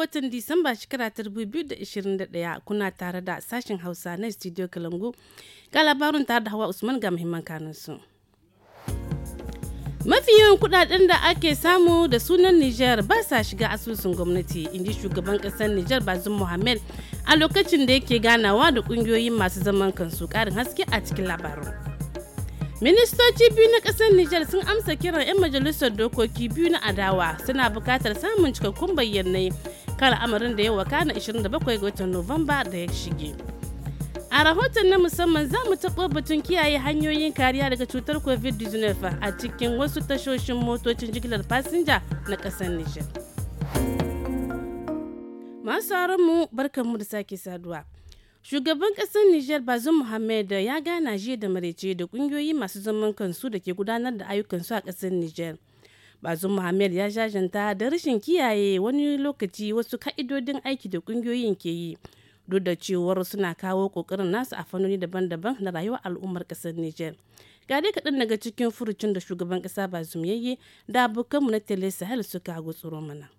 watan Disamba shekara ta 2021 kuna tare da sashen Hausa na Studio Kalangu. Ga labarin tare da Hawa Usman ga muhimman kanunsu. Mafi yawan kudaden da ake samu da sunan Nijar ba sa shiga asusun gwamnati, in ji shugaban kasar Nijar Bazum Mohammed a lokacin da yake ganawa da kungiyoyin masu zaman kansu karin haske a cikin labarin. ministoci biyu na kasar Nijar sun amsa kiran 'yan majalisar dokoki biyu na adawa suna bukatar samun cikakkun bayyanai kan al'amarin da yawa kana 27 ga watan Nuwamba da ya shige. A rahoton na musamman za mu taɓo batun kiyaye hanyoyin kariya daga cutar COVID-19 a cikin wasu tashoshin motocin jigilar fasinja na ƙasar Nijar. Masu mu barkanmu da sake saduwa. Shugaban ƙasar Nijar Bazoum Muhammad ya gana jiya da marece da ƙungiyoyi masu zaman kansu da ke gudanar da ayyukansu a ƙasar Nijar. bazum muhammed ya jajanta da rashin kiyaye wani lokaci wasu ka'idodin aiki da kungiyoyin ke yi duk da cewar suna kawo kokarin nasu a fannoni daban-daban na rayuwar al'ummar kasar niger ga dai kaɗan daga cikin furucin da shugaban ƙasa bazum yi da abokanmu na tele sahel suka gutsuro mana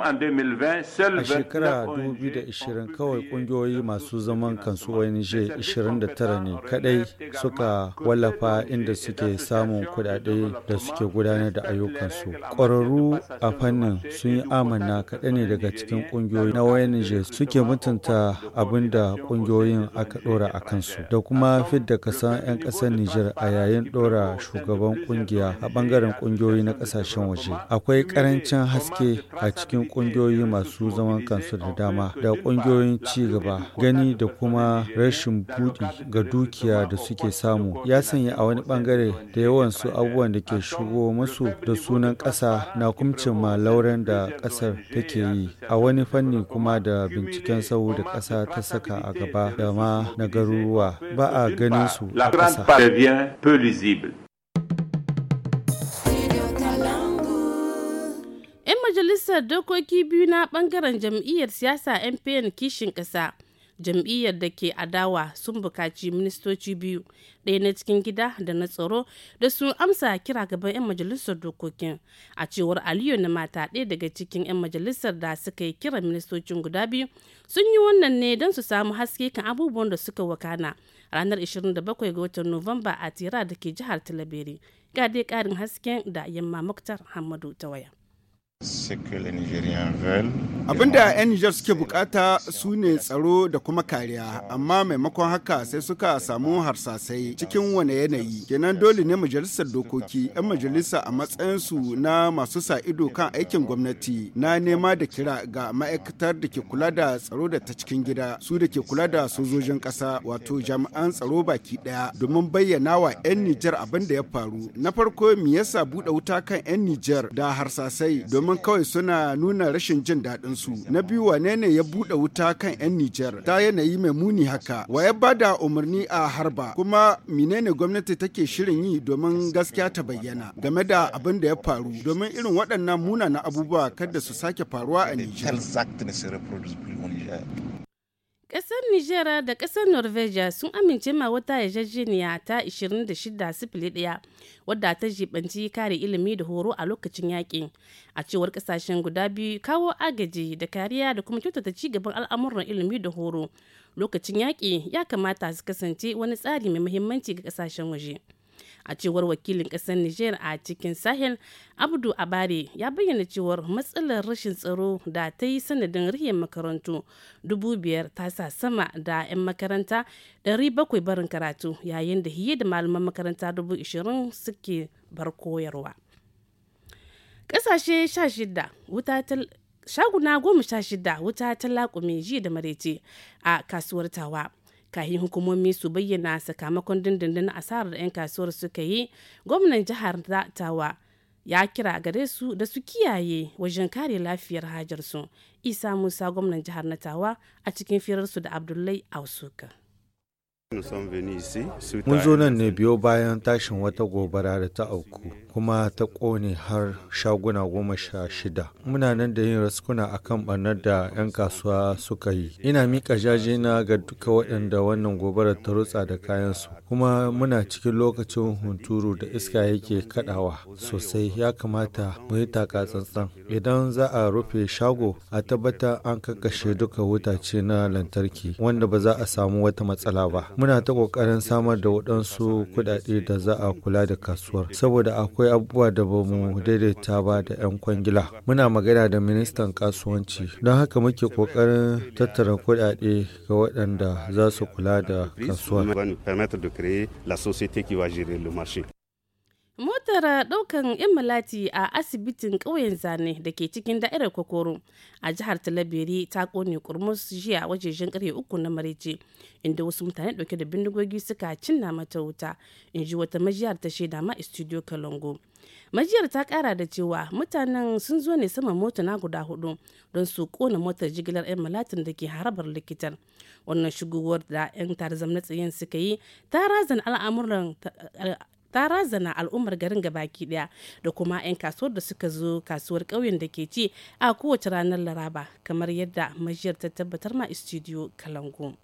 A shekara 2020 kawai kungiyoyi masu zaman kansu ONG 29 ne kadai suka wallafa inda suke samun kudade da suke gudanar da ayyukansu. Ƙwararru a fannin sun yi amana kaɗai ne daga cikin kungiyoyi na ONG suke mutunta abin da kungiyoyin aka ɗora a kansu da kuma fidda kasan 'yan ƙasar Nijar a yayin ɗora shugaban kungiya a ɓangaren kungiyoyi na ƙasashen waje. Akwai ƙarancin haske a cikin cikin kungiyoyi masu zaman kansu da dama da kungiyoyin ci gaba gani da kuma rashin buɗi ga dukiya da suke samu ya sanya a wani bangare da yawan su abubuwan da ke shigo musu da sunan ƙasa na kumcin lauren da ƙasar take yi a wani fanni kuma da binciken sau da ƙasa ta saka a gaba da ma na garuruwa ba a ganin su a ƙasa majalisar dokoki biyu na bangaren jam'iyyar siyasa mpn kishin kasa jam'iyyar da ke adawa sun bukaci ministoci biyu ɗaya na cikin gida da na tsaro da sun amsa kira gaban 'yan majalisar dokokin a cewar aliyu na mata ɗaya daga cikin 'yan majalisar da suka yi kira ministocin guda biyu sun yi wannan ne don su samu haske kan abubuwan da suka wakana ranar 27 ga watan nuwamba a tira da ke jihar talabere ga dai ƙarin hasken da yamma muktar hamadu ta waya Abinda 'yan Nijar suke bukata su ne tsaro da kuma kariya, amma maimakon haka sai suka samu harsasai cikin wane yanayi. Kenan dole ne majalisar dokoki 'yan majalisa a matsayinsu na masu sa ido kan aikin gwamnati na nema da kira ga ma'aikatar da ke kula da tsaro da ta cikin gida, su da ke kula da sojojin ƙasa wato jami'an tsaro baki ɗaya domin bayyana wa 'yan Nijar abin da ya faru. Na farko me yasa buɗe wuta kan 'yan Nijar da harsasai domin amma kawai suna nuna rashin jin daɗin su. Na biyu wane ne ya buɗe wuta kan 'yan Nijar ta yanayi mai muni haka. Wa ya bada umarni a harba kuma menene gwamnati take shirin yi domin gaskiya ta bayyana game da abin da ya faru domin irin waɗannan munana abubuwa kada su sake faruwa a Nijar. Ƙasar Nijar da ƙasar Norvegia sun amince ma wata yarjejeniya ta 26.1 wadda ta jibanci kare ilimi da horo a lokacin yaƙi. A cewar ƙasashen guda biyu kawo agaji da kariya da kuma kyautata ci gaban al'amuran ilimi da horo. Lokacin yaƙi ya kamata su kasance wani tsari mai muhimmanci ga ƙasashen waje. a cewar wakilin kasar niger a cikin sahel abdu abare ya bayyana cewar matsalar rashin tsaro da ta yi sanadin rihiyar makarantu dubu biyar ta sa sama da 'yan makaranta 700 barin karatu yayin da hiye da malaman makaranta dubu ishirin suke bar koyarwa shaguna goma sha shida wuta ta laƙume ji da marece a kasuwar tawa kahin hukumomi su bayyana sakamakon dindindin asarar 'yan kasuwar suka yi gwamnan jihar tawa ya kira gare su da su kiyaye wajen kare lafiyar hajarsu isa musa gwamnan jihar natawa a cikin firarsu da abdullahi ausuka Mun zo nan ne biyo bayan tashin wata gobara da ta auku kuma ta ƙone har shaguna goma sha shida. Muna nan da yin raskuna akan ɓarnar da 'yan kasuwa suka yi. Ina miƙa na ga duka waɗanda wannan gobara ta rutsa da kayansu. Kuma muna cikin lokacin hunturu da iska yake kaɗawa sosai ya kamata mu yi taka tsantsan. Idan za a rufe shago a tabbata an kakkashe duka wutace na lantarki wanda ba za a samu wata matsala ba. muna ta ƙoƙarin samar da waɗansu kuɗaɗe da za a kula da kasuwar saboda akwai abubuwa da ba mu daidaita ba da 'yan kwangila muna magana da ministan kasuwanci don haka muke ƙoƙarin tattara kuɗaɗe ga waɗanda za su kula da kasuwar motar daukan yan malati a asibitin ƙauyen zane da ke cikin da'irar kokoro a jihar talabiri ta kone kurmus jiya wajejen karfe uku na marece inda wasu mutane ɗauke da bindigogi suka cinna mata wuta in ji wata majiyar ta shaida ma studio kalongo majiyar ta kara da cewa mutanen sun zo ne sama mota na guda hudu don su kona motar jigilar yan malatin da ke harabar likitan wannan shigowar da yan tarzam na tsayen suka yi ta razan al'amuran ta razana al'ummar garin gabaki daya da kuma 'yan kasuwar da suka zo kasuwar ƙauyen da ke ci a kowace ranar laraba kamar yadda majiyar ta tabbatar ma studio kalangu.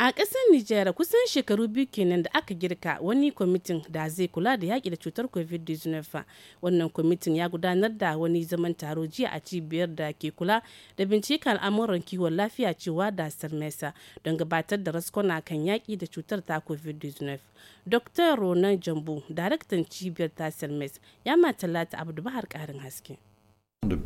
a ƙasar nijar kusan shekaru biyu kenan da aka girka wani kwamitin da zai kula da yaƙi da cutar covid-19 wannan kwamitin ya gudanar da wani zaman taro jiya a cibiyar da ke kula da bincika al'amuran kiwon lafiya cewa da sarmesa don gabatar da raskona kan yaƙi da cutar ta covid-19 dr ronan jambu daraktan cibiyar ta sarmes ya ma talata abu da bahar ƙarin haske Tun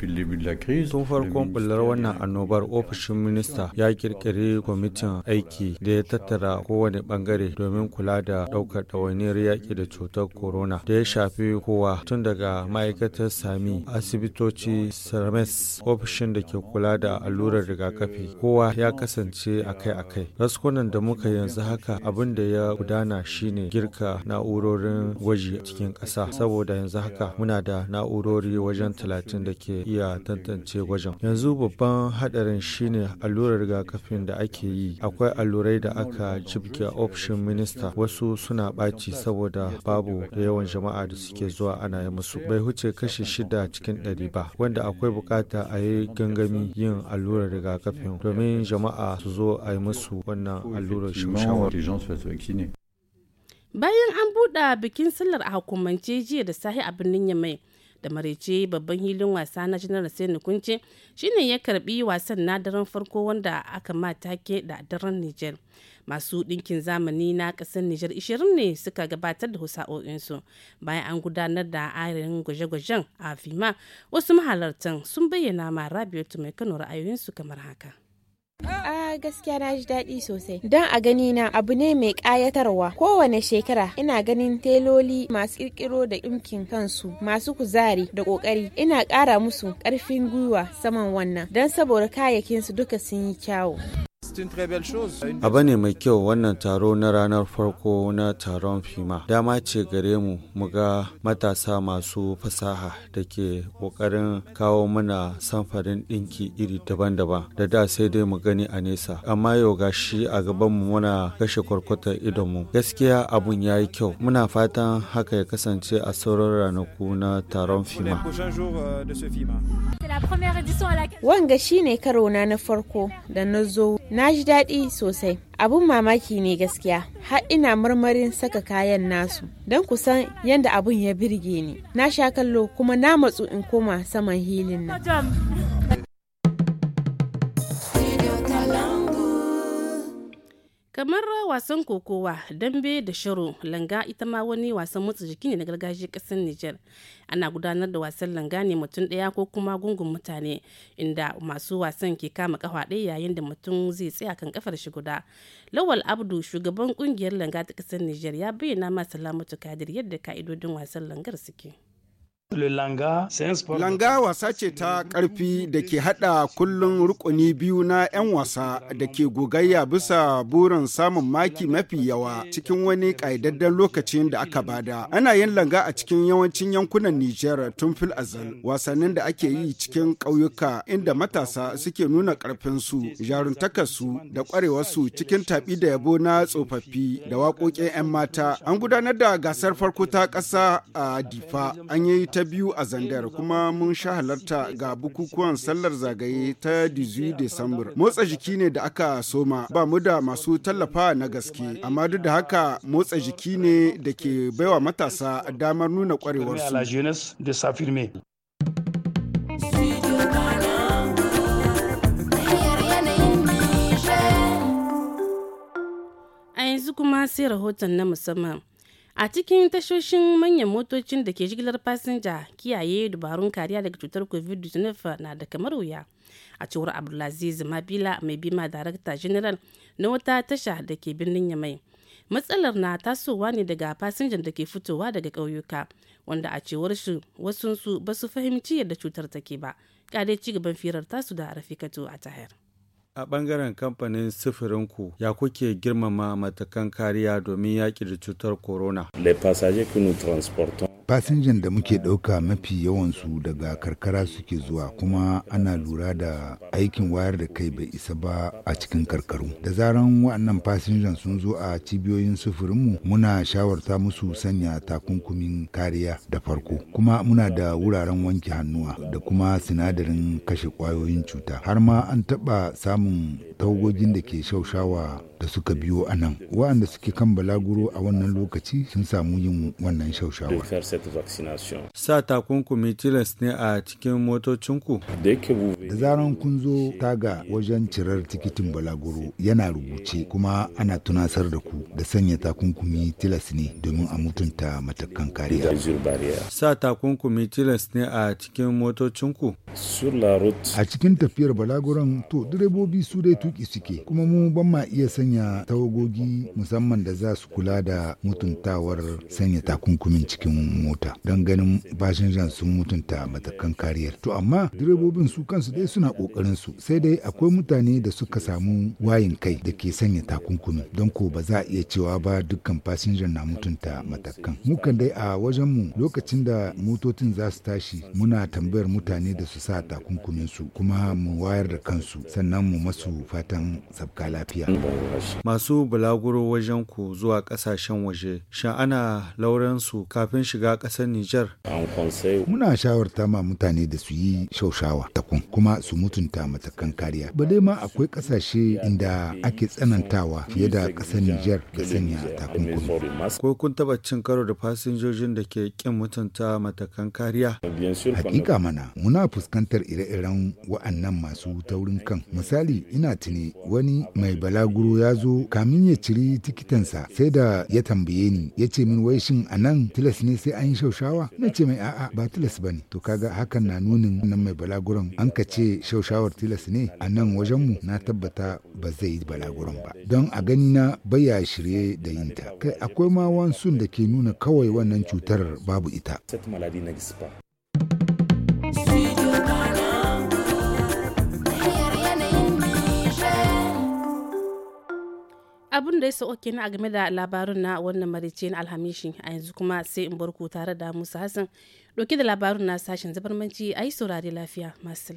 farkon bullar wannan annobar ofishin minista ya kirkiri kwamitin aiki da ya tattara kowane bangare domin kula da daukar ɗawainiyar yaƙi da cutar corona da ya shafi kowa tun daga ma'aikatar sami asibitoci sarmes ofishin da ke kula da allurar rigakafi kowa ya kasance akai-akai raskunan da muka yanzu haka abin da ya gudana shine girka na'urorin gwaji cikin ƙasa saboda yanzu haka muna da na'urori wajen talatin da ke iya tantance gwajin yanzu babban hadarin shine allurar rigakafin da ake yi akwai allurai da aka cibke option minister wasu suna ɓaci saboda babu da yawan jama'a da suke zuwa ana yi musu bai huce kashi shida cikin ɗari ba wanda akwai bukata a yi gangami yin allurar rigakafin domin jama'a su zo a yi musu wannan allurar bayan an buɗe bikin sallar a hukumance jiya da sahi a birnin yamai da marece babban hilin wasa na janar sai kunce shine ya karbi wasan na daren farko wanda aka matake da daren niger masu ɗinkin zamani na ƙasar niger 20 ne suka gabatar da husa'o'insu bayan an gudanar da ayarin gwaje-gwajen a fima wasu mahalartan sun bayyana ma rabiatu mai kano ra'ayoyinsu kamar haka A gaskiya na ji daɗi sosai. Don a gani na abu ne mai ƙayatarwa. Kowane shekara ina ganin teloli masu ƙirƙiro da ɗinkin kansu masu kuzari da ƙoƙari. Ina ƙara musu ƙarfin gwiwa saman wannan don saboda kayayyakinsu duka sun yi kyawu. Abu ne mai kyau wannan taro na ranar farko na taron FIMA. Dama ce gare mu mu ga matasa masu fasaha da ke ƙoƙarin kawo mana samfarin ɗinki iri daban-daban da da sai dai mu gani a nesa. Amma yau ga shi a gabanmu muna kashe kwarkwata idonmu. Gaskiya abun ya yi kyau. Muna fatan haka ya kasance a sauran ranaku na taron FIMA. Euh, Wanga shine karo na na farko da na zo na ji daɗi sosai abun mamaki ne gaskiya har ina marmarin saka kayan nasu don kusan yadda abun ya birge ni na sha kallo kuma na matsu in koma saman hilin nan kamar wasan kokowa dambe da sharo langa ita ma wani wasan motsa jiki ne na gargajiyar kasar niger ana gudanar da wasan langa ne mutum ɗaya ko kuma gungun mutane inda masu wasan ke kama kafa ɗaya yayin da mutum zai tsaya kan kafar shi guda lawal abdu shugaban kungiyar langa ta kasar niger ya bayyana ma salamatu kadir yadda ka'idodin wasan langar suke Langa, wasa ce ta ƙarfi da ke haɗa kullum rukuni biyu na 'yan wasa da ke gogayya bisa burin samun maki mafi yawa cikin wani ƙaidaddan lokacin da aka bada. Ana yin langa a cikin yawancin yankunan Nijar tun fil azal. Wasannin da ake yi cikin ƙauyuka inda matasa suke nuna ƙarfinsu, jaruntakarsu da ƙwarewarsu cikin taɓi da yabo na tsofaffi da waƙoƙin 'yan mata. An gudanar da gasar farko ta ƙasa a Difa. An yi ta ta biyu a Zandar kuma mun sha halarta ga bukukuwan sallar zagaye ta 18 Desambar. Motsa jiki ne da aka soma ba mu da masu tallafa na gaske, amma duk da haka motsa jiki ne da ke baiwa matasa damar nuna kwarewarsu. A yanzu kuma sai rahoton na musamman. a cikin tashoshin manyan motocin da ke jigilar fasinja kiyaye dabarun kariya daga cutar covid-19 na da kamar wuya a cewar abdulaziz mabila mai bima darakta general na wata tasha da ke birnin yamai matsalar na tasowa ne daga fasinjan da ke fitowa daga ƙauyuka wanda a cewar su su ba su fahimci yadda cutar take ba ƙare ci gaban firar tasu da rafikatu a tahir a ɓangaren kamfanin sifirin ku ya kuke girmama matakan kariya domin yaƙi da cutar corona. fasinjan da muke ɗauka mafi yawansu daga karkara suke zuwa kuma ana lura da aikin wayar da kai bai isa ba a cikin karkaru da zaran waɗannan fasinjan sun zo a cibiyoyin sufurinmu muna shawarta musu sanya takunkumin kariya da farko kuma muna da wuraren wanke hannuwa da kuma sinadarin kashe ƙwayoyin cuta har ma an taɓa samun tawagogin da ke shaushawa da suka biyo a nan waɗanda suke kan balaguro a wannan lokaci sun samu yin wannan shaushawar sa takunkumi tilas ne a cikin motocinku da zaran kun zo taga wajen cirar tikitin balaguro yana rubuce kuma ana tunasar da ku da sanya takunkumi tilas ne domin a mutunta matakan kariya sa takunkumi tilas ne a cikin motocinku a cikin tafiyar balaguron to direbobi su dai tuki suke kuma mu ban ma iya sanya sanya tawagogi musamman da za su kula da mutuntawar sanya takunkumin cikin mota don ganin fasinjan sun mutunta matakan kariyar to amma direbobin su kansu dai suna kokarin su sai dai akwai mutane da suka samu wayin kai da ke sanya takunkumin don ko ba za a iya cewa ba dukkan fasinjan na mutunta matakan mukan dai a wajen mu lokacin da motocin za su tashi muna tambayar mutane da su sa takunkumin su kuma mu wayar da kansu sannan mu masu fatan sabka lafiya Masu bulaguro wajen ku zuwa ƙasashen waje, shan ana lauran su kafin shiga ƙasar Nijar? Muna shawarta ma mutane da su yi shaushawa takun kuma su mutunta matakan kariya. Ba dai ma akwai ƙasashe inda ake tsanantawa fiye da ƙasar Nijar da sanya takunkumi. Ko kun taɓa cin karo da fasinjojin da ke ƙin mutunta matakan kariya? Hakika mana muna fuskantar ire-iren wa'annan masu taurin kan. Misali ina tuni wani mai balaguro ya zo kamin ya ciri tikitansa sai da ya tambaye ni ya ce min wai shin a nan tilas ne sai an yi shaushawa na ce mai a'a ba tilas ba ne to kaga hakan na nunin nan mai balaguron an ka ce shaushawar tilas ne a nan wajenmu na tabbata ba zai yi balaguron ba don a gani na baya shirye da yinta kai akwai ma wansun da ke nuna kawai wannan cutar babu ita abin da ya sa oke na game da labarun na wannan marice na alhamishi a yanzu kuma sai in barku tare da musa hassan ɗauke da labarun na sashen zabarmanci a yi saurari lafiya masu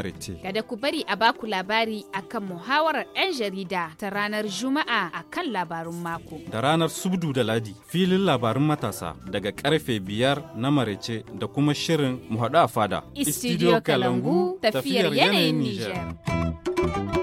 Kada ku bari a baku labari akan muhawarar 'yan jarida ta ranar Juma'a akan labarun mako. Da ranar Subdu da Ladi filin labarun matasa daga karfe biyar na maraice da kuma shirin mu haɗu a fada. Istidiyo Kalangu tafiyar yanayin Nijar.